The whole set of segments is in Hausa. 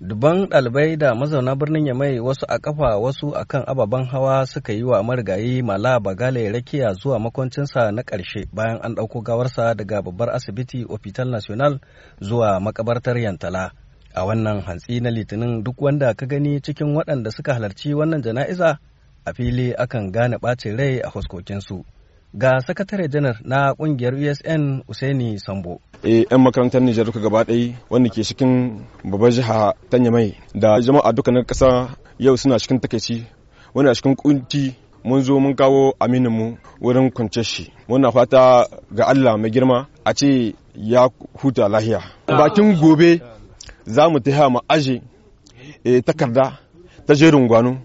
Duban ɗalibai da mazauna birnin Yamai wasu a ƙafa wasu a kan ababen hawa suka yi wa marigayi Mala Bagale rakiya zuwa makwancinsa na ƙarshe bayan an ɗauko gawarsa daga babbar asibiti Hopital National zuwa makabartar Yantala. A wannan hantsi na Litinin duk wanda ka gani cikin waɗanda suka halarci wannan jana'iza a fili akan gane ɓacin rai a huskokinsu. ga sakatare janar na kungiyar usn usaini sambo e eh, yan makarantar nijar duka gaba ɗaya wanda ke cikin babbar jiha tanya mai da jama'a duka na ƙasa yau suna cikin takaici a cikin kunci mun zo mun kawo aminin mu wurin kwance shi muna fata ga allah mai girma a ce ya huta lahiya bakin gobe za mu ta mu aje eh, takarda ta jerin gwano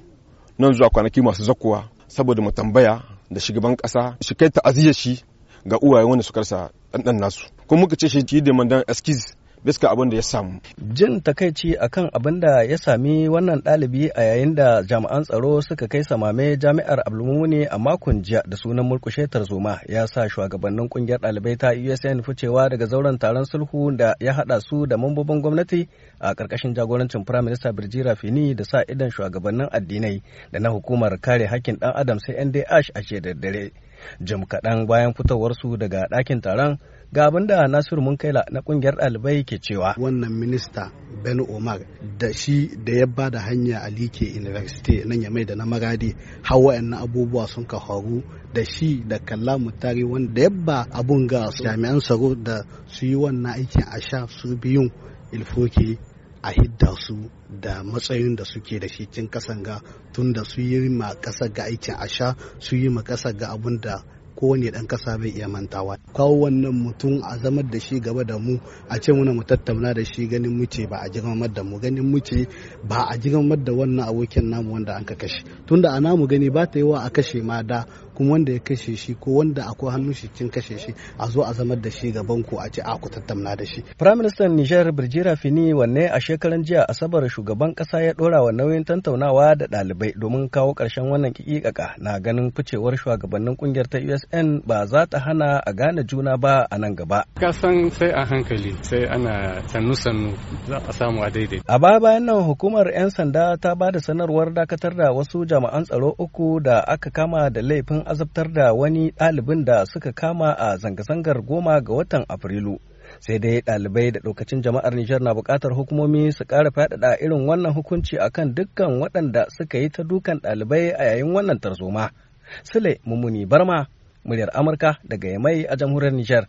nan zuwa kwanaki masu zakuwa saboda mu tambaya da shugaban kasa. shi kai aziyar shi ga uwaye wanda suka rasa ɗanɗan nasu kuma muka ce shi yi da mandan eskiz bisa abin da ya samu. Jin takaici akan abin da ya sami wannan ɗalibi a yayin da jami'an tsaro suka kai samame jami'ar Abdulmumuni a makon jiya da sunan murkushe tarzoma ya sa shugabannin kungiyar ɗalibai ta USN ficewa daga zauren taron sulhu da ya haɗa su da mambobin gwamnati a ƙarƙashin jagorancin Firaminista Birjira Fini da sa idan shugabannin addinai da na hukumar kare hakkin ɗan Adam sai NDH a da dare. jim kaɗan bayan fitowarsu daga ɗakin taron ga abin da nasiru munkaila na ƙungiyar ɗalibai ke cewa wannan minista ben omar da shi da ya ba da hanya a like university nan ya mai da na maradi hawa na abubuwa sun ka faru da shi da kalla mutari wanda ya ba abun ga jami'an tsaro da su yi wannan aikin a sha su biyun ilfoki a hidda su da matsayin da suke da shi cin kasan ga tun da su yi ma kasa ga aikin asha su yi ma kasa ga abun da kowane ɗan kasa bai iya mantawa kawo wannan mutum a zamar da shi gaba da mu a ce muna mu tattauna da shi ganin muce ba a jigamar da mu ganin muce ba a jigamar da wannan abokin namu wanda an ka kashe tunda a namu gani ba ta yi wa a kashe ma da kuma wanda ya kashe shi ko wanda akwai hannun shi cin kashe shi a zo a zamar da shi gaban ku a ce a ku tattauna da shi Prime Minister Niger Birjira Fini wanne a shekaran jiya Asabar shugaban kasa ya dora wa nauyin tantaunawa da ɗalibai domin kawo karshen wannan kikikaka na ganin ficewar shugabannin kungiyar ta USN ba za ta hana a gane juna ba a nan gaba ka san sai a hankali sai ana sannu sannu za a samu a daidai a baya bayan nan hukumar 'yan sanda ta ba da sanarwar dakatar da wasu jami'an tsaro uku da aka kama da laifin azabtar da wani ɗalibin da suka kama a zanga-zangar goma ga watan Afrilu. Sai dai ɗalibai da ɗaukacin jama'ar Nijar na buƙatar hukumomi su ƙara faɗaɗa irin wannan hukunci akan dukkan waɗanda suka yi ta dukan ɗalibai a yayin wannan tarzoma. Sule Mumuni Barma, muryar Amurka daga Yamai a jamhuriyar Nijar.